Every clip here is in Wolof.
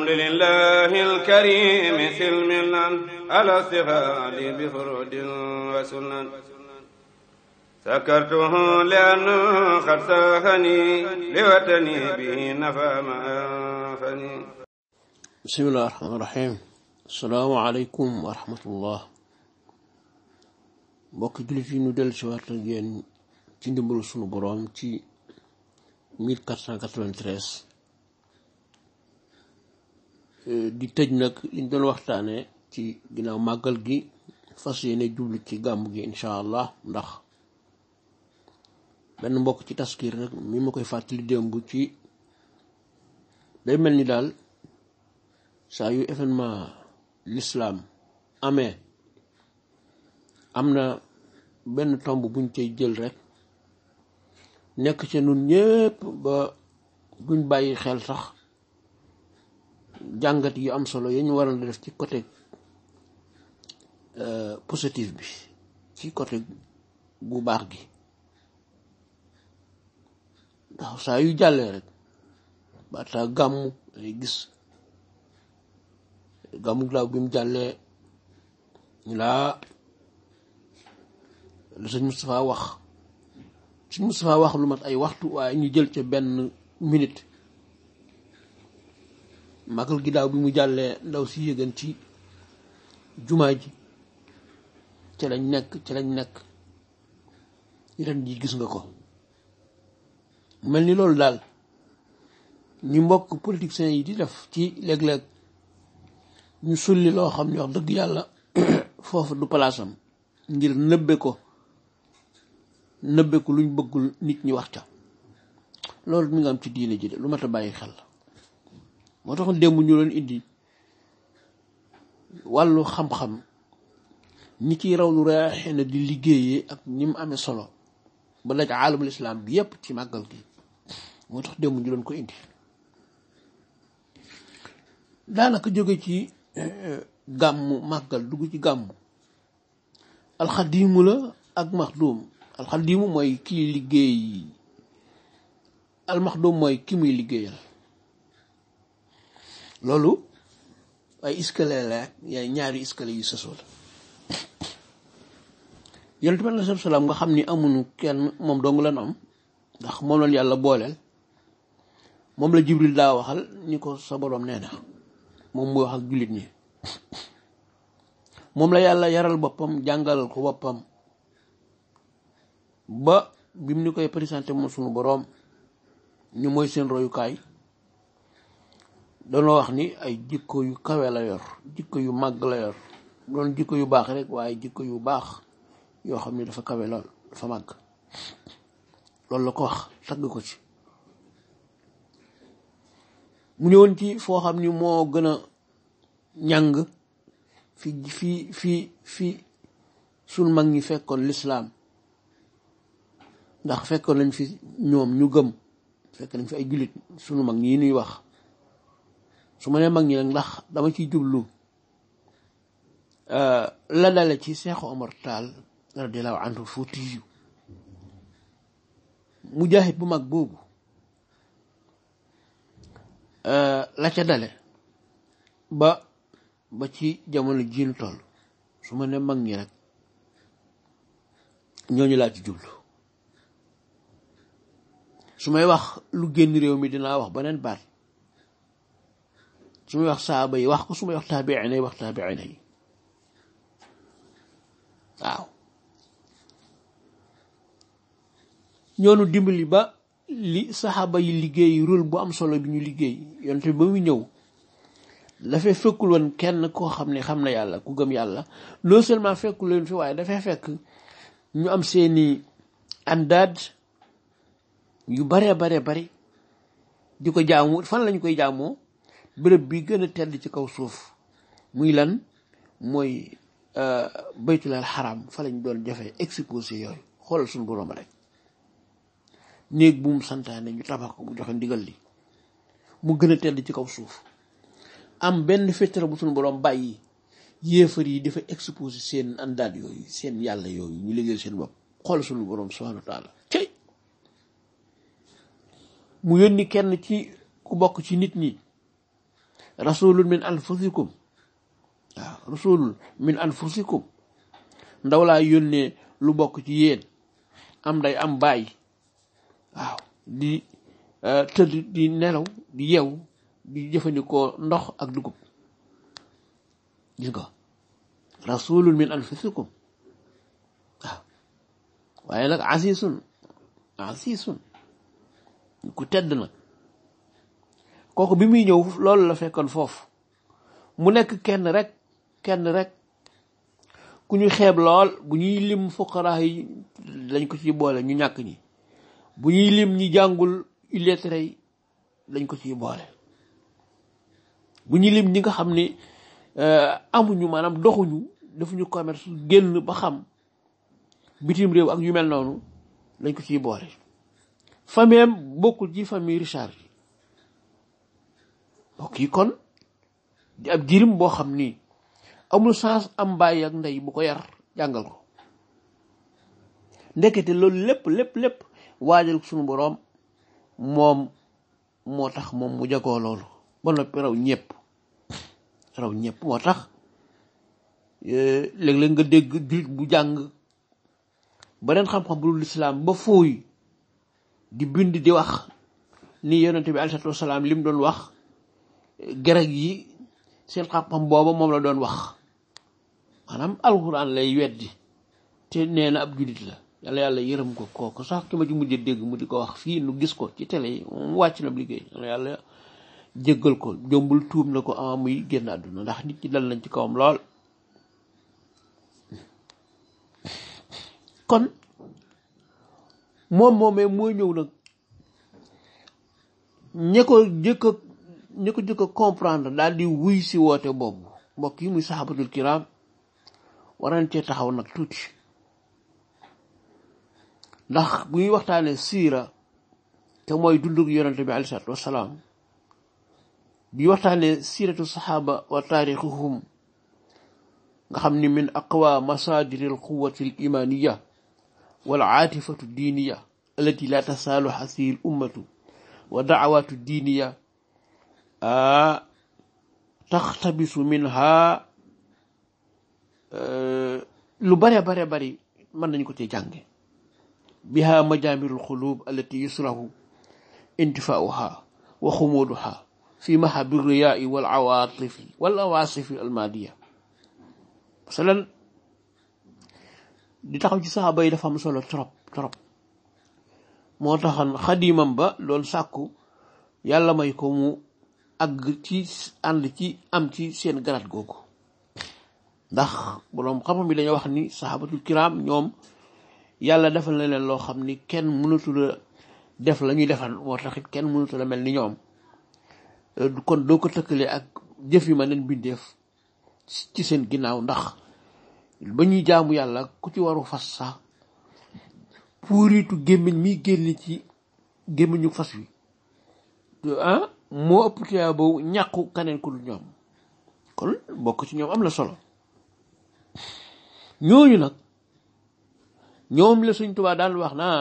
الحمد لله الكريم في المنن على استغال بفرد وسنن سكرته لأنه قد ساخني لوطني به نفى ما أنفني بسم الله الرحمن الرحيم السلام عليكم ورحمة الله mbokk jullit yi ñu dellu si waat ak yéen ci ndimbalu sunu boroom ci 1493 Eh, di tëj nag liñ doon waxtaanee ci ginnaaw màggal gi fas yéene jublu ci gàmm gi incha allah ndax benn mbokk ci taskir rek mi ma koy fàttali démb ci day mel ni daal saa yu événement l'islam amee am na benn tomb buñ cay jël rek nekk ca nun ñépp ba duñ bàyyi xel sax jàngat yu am solo yi ñu waroon def ci côté euh, positif bi ci côté gu baax gi ndax saa yu jàllee rek baataa gàmmu ay gis gàmmu laaw bi mu jàllee laa la sëñ Moustapha wax sëñ Moustapha wax lu mat ay waxtu waaye ñu jël ca benn minute magal gi daaw bi mu jàllee ndaw si yëgan ci jumaa ji ca lañ nekk ca lañ nekk ren ji gis nga ko mel ni loolu daal ñu mbokk politiciens yi di def ci léeg-léeg ñu sulli loo xam ne wax dëgg yàlla foofu du palaasam ngir nëbbe ko nëbbe ko luñ bëggul nit ñi wax ca loolu mi nga am ci diine ji de lu mat a bàyyi xel la moo tax démb ñu doon indi wàllu xam-xam ñi ciy raw lu reexee na di liggéeyee ak ni mu amee solo ba daj aalamul islam bi yépp ci màggal gi moo tax démb ñu doon ko indi daanaka jóge ci eh, gàmmu màggal dugg ci gàmmu alxadiimu la ak maxduum alxadiimu mooy kii liggéey almaxduum mooy ki muy liggéeyal loolu ay iskale la yaay ñaari iskale yu sosoo la yonent bi nga xam ni amuñu kenn moom dong lan am ndax moom lañu yàlla booleel moom la jibril daa waxal ni ko sa borom nee na moom mooy wax ak jullit ñi moom la yàlla yaral boppam jàngalal ko boppam ba bi mu ni koy présenté moom sunu boroom ñu mooy seen royukaay dañoo wax ni ay jikko yu kawe la yor jikko yu mag la yor doon jikko yu baax rek waaye jikko yu baax yoo xam ni dafa kawe lool dafa màgg loolu la ko wax tagg ko ci mu ñëwoon ci foo xam ni moo gën a ñàng fi fi fi fi suñ mag ñi fekkoon lislaam ndax fekkoon lañ fi ñoom ñu gëm fekk nañ fi ay jullit sunu mag ñi ñuy wax su ma nee mag ñi nag ndax dama ciy jublu euh, la dale ci Seexu Omar Taal radiallahu anhu fuuti yu mujaahid bu mag boobu euh, la ca dale ba ba ci jamono jiinu toll su ma nee mag ñi nag ñooñu laa ci jublu su may wax lu génn réew mi dinaa wax beneen baat su may wax saaba yi wax ko su may wax taabiina yi wax taabiina yi waaw ñoonu dimbali ba li saxaaba yi liggéey rôle bu am solo bi ñu liggéey yonte ba muy ñëw dafay fekkul woon kenn koo xam ne xam na yàlla ku gëm yàlla non seulement fekkul leen fi waaye dafay fekk ñu am seeni àndaad yu bare bare bari di ko jaamu fan lañu koy jaamoo bërëb bi gën a tedd ci kaw suuf muy lan mooy euh, baytulal xaram fa lañ doon jafe exposé yooyu xoolal suñu borom rek néeg bu mu santaane ñu tabax ko mu joxe ndigal li mu gën a tedd ci kaw suuf am benn fettere bu suñu borom bàyyi yéefar yi dafa exposé seen àndaat yooyu seen yàlla yooyu ñu liggéey seen bopp xool suñu boroom subhanahu wa mu yónni kenn ci ku bokk ci nit ñi rasulun min anfusikum waaw ah, rasulun min anfusikum ndaw laa yónnee lu bokk ci yéen am day am bàyyi waaw di eh, tëdd di nelaw di yew di jëfandikoo ndox ak dugub gis nga rasulun min anfusikum waaw ah, waaye nag asisun asisun ku tedd nag kooku bi muy ñëw loolu la fekkoon foofu mu nekk kenn rek kenn rek ku ñu xeeb lool bu ñuy lim fuqaraa yi dañ ko ci boole ñu ñàkk ñi bu ñuy lim ñi jàngul illettré yi dañ ko ciy boole bu ñuy lim ñi nga xam ne euh, amuñu maanaam doxuñu defuñu commerce génn ba xam bitim réew ak yu mel noonu dañ ko ciy boole fameem bokkul ci famille Richard mbokk yi kon di ab jirim boo xam ni amul chance am bàyyi ak ndey bu ko yar jàngal ko ndekete loolu lépp lépp lépp waajal suñu boroom moom moo tax moom mu jagoo loolu ba noppi raw ñëpp raw ñëpp moo tax e, léeg-léeg nga dégg jullit bu jàng beneen xam-xam bu dul lislaam ba fooy di bind di wax ni yonente bi alayhi salaatu wasalaam li mu doon wax grec yi seen xam-xam booba moom la doon wax maanaam alxuraan lay weddi te nee na ab jullit la yàlla yàlla yërëm ko kooku sax ki ma ci mujj dégg mu di ko wax fii nu gis ko ci télé yi moom wàcc na liggéey yàlla yàlla ko jombul tuub na ko ama muy génn àdduna ndax nit ñi dal nañ ci kawam lool kon moom moomee mooy ñëw nag ñe jëkk ñu ko jëkk comprendre daal di wuy si woote boobu mbokk yi muy saxaabatul kiraam waran cee taxaw nag tuuti ndax bu ñuy waxtaanee siira te mooy dundug yonente bi alei salatu wassalaam bi waxtaanee siiratu saxaaba wa taarixuhum nga xam ni min aqwa masaadiri al quwati al imaaniya wal aatifatu diiniya allati la tasaalu xasihi daawaatu diiniya taxtabisu minha lu bare bare bari mën nañu ko cee jànge biha majamirul xulub allati yusrahu intifaauha wa xumuuduha fi mahabi riyaai wal awaatifi wal awaasifi almaadiya masalan di taxaw ci saxaaba yi dafa am solo trop trop moo taxan xadimam ba doon sàkku yàlla may ko mu ak ci ànd ci am ci seen garaat googu ndax boroom xam-xam bi wax ni saxaabatul kiraam ñoom yàlla defal na leen loo xam ni kenn mënatu def la ñuy defal moo taxit kenn mënatu la mel ni ñoom euh, kon doo ko tëkkalee ak jëf yi ma leen bindeef ci seen ginnaaw ndax ba ñuy jaamu yàlla ku ci waru fas sax puuritu gémmiñ mi génn ci gémmiñu fas wi euh, ah? moo ëpp tuyaa bu ñàqu kaneen ku ñoom kon bokk ci ñoom am la solo ñooñu nag ñoom la suñ tubaa daan wax naa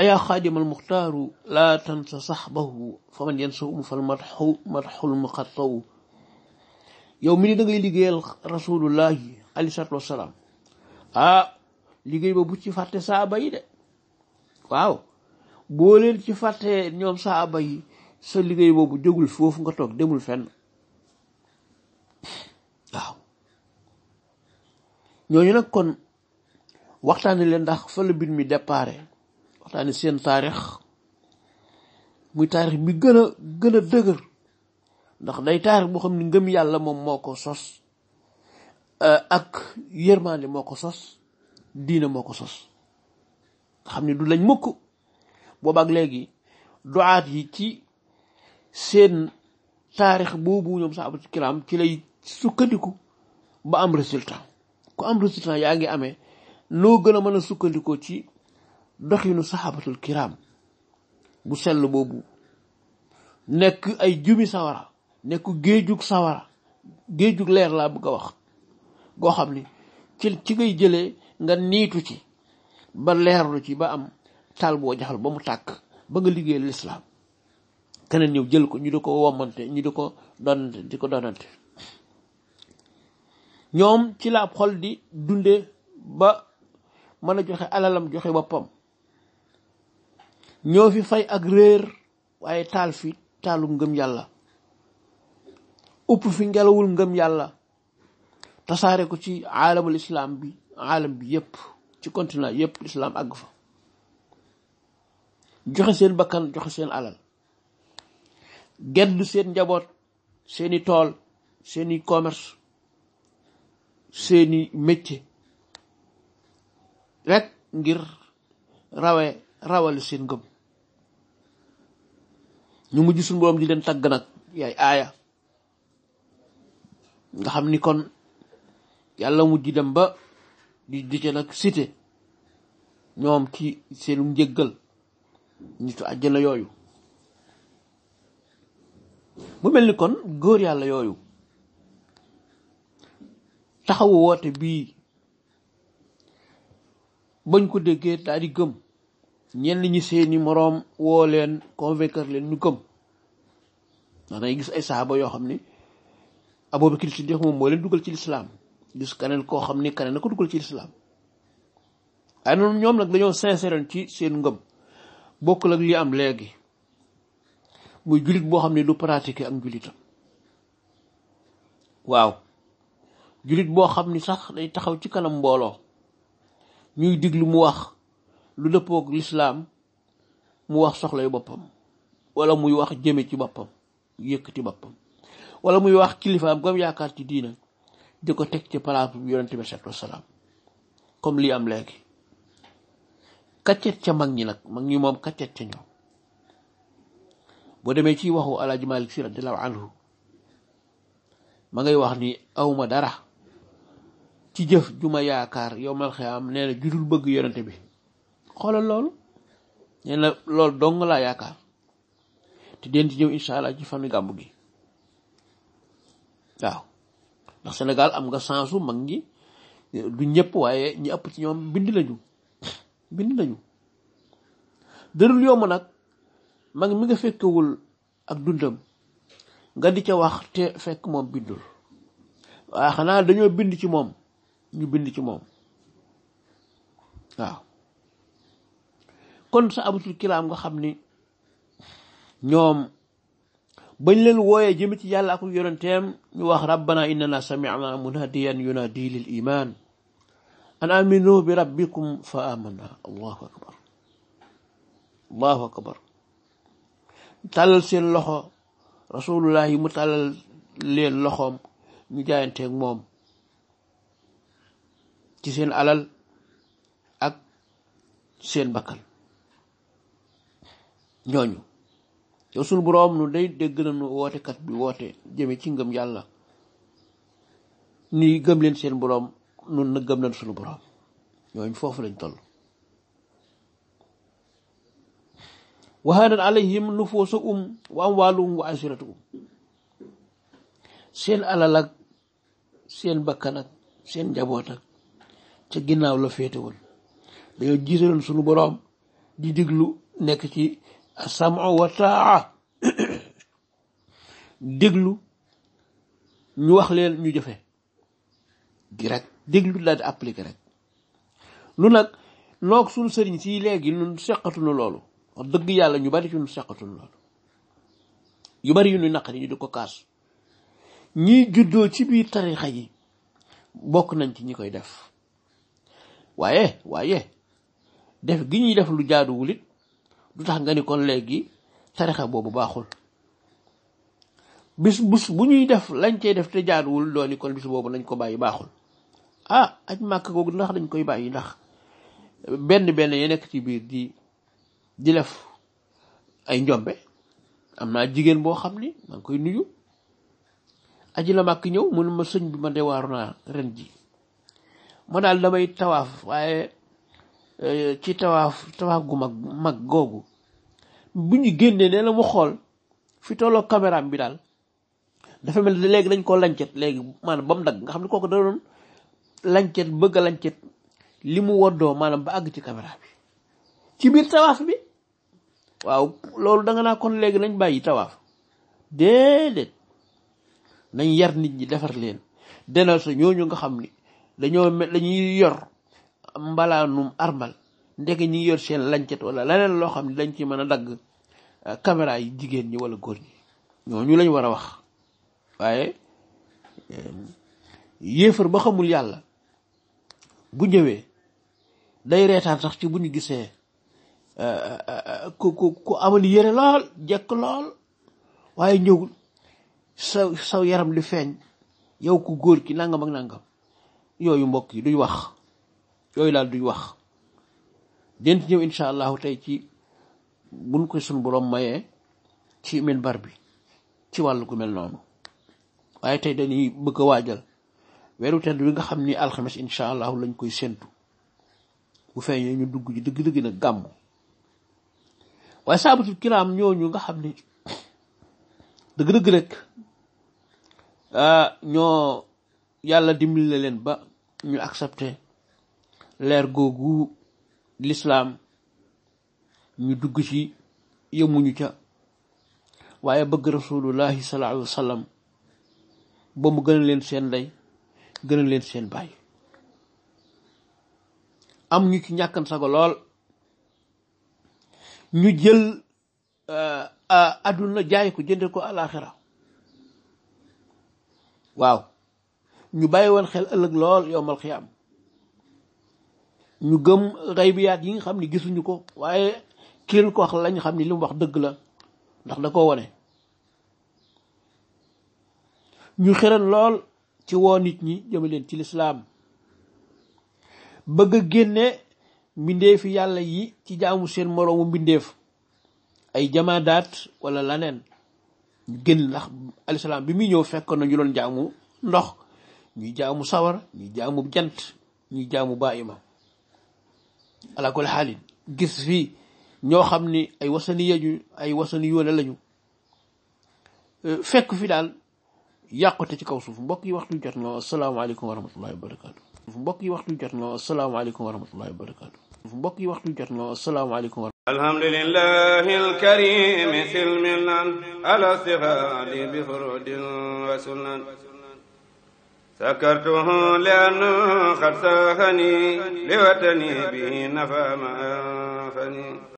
ayaa xaadimal muxtaaru laa tansa saxbahu fa man yan sa umu fal matxu matxul muqattaw yow mi ni da ngay liggéeyal rasulullahi alayhi ah, liggéey ba bu ci fàtte saaba de waaw boo leen ci fàttee ñoom saa yi sa liggéey boobu jógul foofu nga toog demul fenn waaw ñooñu nag kon waxtaani leen ndax fa la mbir mi déparé waxtaani seen taarix muy taarix bi gën a gën a dëgër ndax day taarix boo xam ne ngëm yàlla moom moo ko sos eh, ak yërmande moo ko sos diina moo ko sos xam ne du lañ mukk boobu ak léegi duaat yi ci seen taarix boobu ñoom saxaabatu kiram ci lay sukkandiku ba am résultat ku am résultat yaa ngi amee noo gën a mën a sukkandikoo ci doxinu saxaabatul kiram bu sell boobu nekk ay jumi sawara nekk géejug sawara géejug leer laa bëgg a wax goo xam ni ci ci ngay jëlee nga niitu ci ba leerlu ci ba am taal boo jaxal ba mu tàkk ba nga liggéeyal lislaam keneen ñëw jël ko ñu di ko wommante ñu di ko donante di ko donante ñoom ci la xol di dunde ba mën a joxe alalam joxe boppam ñoo fi fay ak réer waaye taal fi taalum ngëm yàlla upp fi ngelawul ngëm yàlla tasaare ko ci aalamul islaam bi aalam bi yépp ci continent yépp lislaam àgg fa joxe seen bakkan joxe seen alal gedd seen njaboot seeni tool seeni commerce seeni métier rek ngir rawe rawale seen ngëm ñu mujj suñu borom di leen tàgg nag yaay aaya nga xam ni kon yàlla mujj dem ba di di ca nag cité ñoom ci seenu njëggal nitu àjjana yooyu mu mel ni kon góor yàlla yooyu taxawu woote bii bañ ko déggee daal di gëm ñenn ñi seeni moroom woo leen convaincre leen ñu gëm ndax dangay gis ay saxaaba yoo xam ni Abubakar Siddiq moom moo leen dugal ci lislaam gis keneen koo xam ni keneen na ko dugal ci lislaam ay noonu ñoom nag dañoo sincère ci seen ngëm bokk ak li am léegi muy jullit boo xam ne du pratiquer ak jullitam waaw jullit boo xam ni sax day taxaw ci kanam mbooloo ñuy diglu mu wax lu dëppook lislaam mu wax soxlay boppam wala muy wax jëme ci boppam yëkkati boppam walla muy wax kilifaam gam yaakaar ci diina di ko teg ci palaasu yonente bi salaam comme li am léegi kaccet ca mag ñi nag mag ñi moom kaccet ca ñoom boo demee ci waxu alaaji Malik Si radiyallaahu anhu ma ngay wax ni awma dara ci jëf ju ma yaakaar yowmal xiyaam nee na bëgg yonente bi xoolal loolu nee na loolu dong laa yaakaar te den ci ñëw incha allah ci fanu gàmbu gi waaw ndax Sénégal am nga sensu mag ñi du ñëpp waaye ñi ëpp ci ñoom bind lañu bind nañu dërul yomb nag mag mi nga fekkewul ak dundam nga di ca wax te fekk moom bindul waaye xanaa dañoo bind ci moom ñu bind ci moom waaw kon sa abatul kilaam nga xam ni ñoom bañ leen wooyee jëme ci yàlla ak yonenteem ñu wax rabbana innana sami'na munadiyan yunadi lil iman an aminu bi rabbikum fa amanna allahu akbar tàllal seen loxo rasulullah yi mu tàllal leen loxoom ñu jaayanteeg moom ci seen alal ak seen bakkan ñooñu yow sunu boroom nu day dégg nañu wootekat bi woote jëme ci ngëm yàlla ni gëm leen seen boroom nun na gëm nañ suñu borom ñooñu foofu lañ toll waxaanan alayhim nufuusa um wa amwaaluhum wa asiratuhum seen alal ak seen bakkan ak seen njaboot ak ca ginnaaw la féete woon dañoo jiitaloon suñu boroom di diglu nekk ci asamu wa taa diglu ñu wax leen ñu jofe gi rek déglu la di appliqué rek lu nag noog suñ sëriñ si léegi nun seqatunu loolu wax dëgg yàlla ñu bari ci nun seqatunu loolu yu bari yu nu naqari ñu di ko kaas ñiy juddoo ci biir tarixa yi bokk nañ ci ñi koy def waaye waaye def gi ñuy def lu jaaduwul it du tax nga ni kon léegi tarixa boobu baaxul bis bus bu ñuy def lañ cee def te jaaduwul dooni kon bis boobu nañ ko bàyyi baaxul ah aj màkk googu ndax dañ koy bàyyi ndax benn benn ya nekk ci biir di di def ay njombe am naa jigéen boo xam ni maa ngi koy nuyu aji la màkk ñëw mun ma sëñ bi ma de waaru naa ren ji ma daal damay tawaaf waaye eh, ci tawaaf tawaaf gu mag mag googu bu ñu génnee nee la mu xool fi tolloo caméraam bi daal dafa mel léegi dañ koo lancet léegi maanaam ba mu dagg nga xam ne kooku da doon lancet bëgg lancet li mu woddoo maanaam ba àgg ci caméra bi ci biir tawaaf bi waaw loolu da nga naa kon léegi nañ bàyyi tawaaf déedéet nañ yar nit ñi defar leen denal sa ñooñu nga xam ni dañoo dañuy yor mbalaanum armal ndeke ñi yor seen lancet wala leneen loo xam ne dañ ci mën a dagg ah, caméra yi jigéen ñi wala góor ñi ñooñu lañ war a wax waaye yéefar ba xamul yàlla bu ñëwee day reetaan sax ci bu ñu gisee euh, euh, ku ku amal yére lool jekk lool waaye ñëwul saw saw yaram li feeñ yow ku góor ki nangam ak nangam yooyu mbokk yi duñ wax yooyu laal duñ wax dent ñëw incha allahu tey ci buñ ko suñ borom mayee ci bar bi ci wàll ku mel noonu waaye tey dañuy bëgg a waajal weeru tedd bi nga xam ni alxames incha allahu lañ koy séntu bu feeñee ñu dugg ci dëgg-dëgg nag gàmm waaye saabatul kiraam ñooñu nga xam ni dëgg-dëgg rek ñoo yàlla dimbali leen ba ñu accepté leer googu lislaam ñu dugg ci yemuñu ca waaye bëgg rasulullahi sallallahu alayhi wa ba mu gën leen seen ndey gënal seen bàyyi am ñu ki ñàkkan sago lool ñu jël euh, euh, àdduna jaay ko jënde ko alaxira waaw ñu bàyyi woon xel ëllëg lool yowmal xiyaam ñu gëm xaybiyaat yi nga xam ni gisuñu ko waaye ki ko wax lañ xam ne li mu wax dëgg la ndax da ko wone ñu xëran lool ci woo nit ñi jëme leen ci lislaam bëgg a génne mbindeefi yàlla yi ci jaamu seen moroomu mbindeef ay jamaadaat wala laneen ñu génn ndax alislaam bi muy ñëw fekkoon nañu loon doon jaamu ndox ñuy jaamu sawar ñu jaamu jant ñu jaamu baayima alakul xaalin gis fii ñoo xam ni ay wasani yeju lañu fekk fi daal yàqute ci kaw suuf mbokk yi waxtu jot na asalaamaaleykum wa rahmatullahi wa barakaatu mbokk yi waxtu jot na asalaamaaleykum wa rahmatullahi wa barakaatu mbokk yi waxtu jot na asalaamaaleykum wa alhamdulillahi alkarim silmilan alastifaadi bi furudin wa sunan sakartuhu li an xad saxani li watani bi nafa ma anfani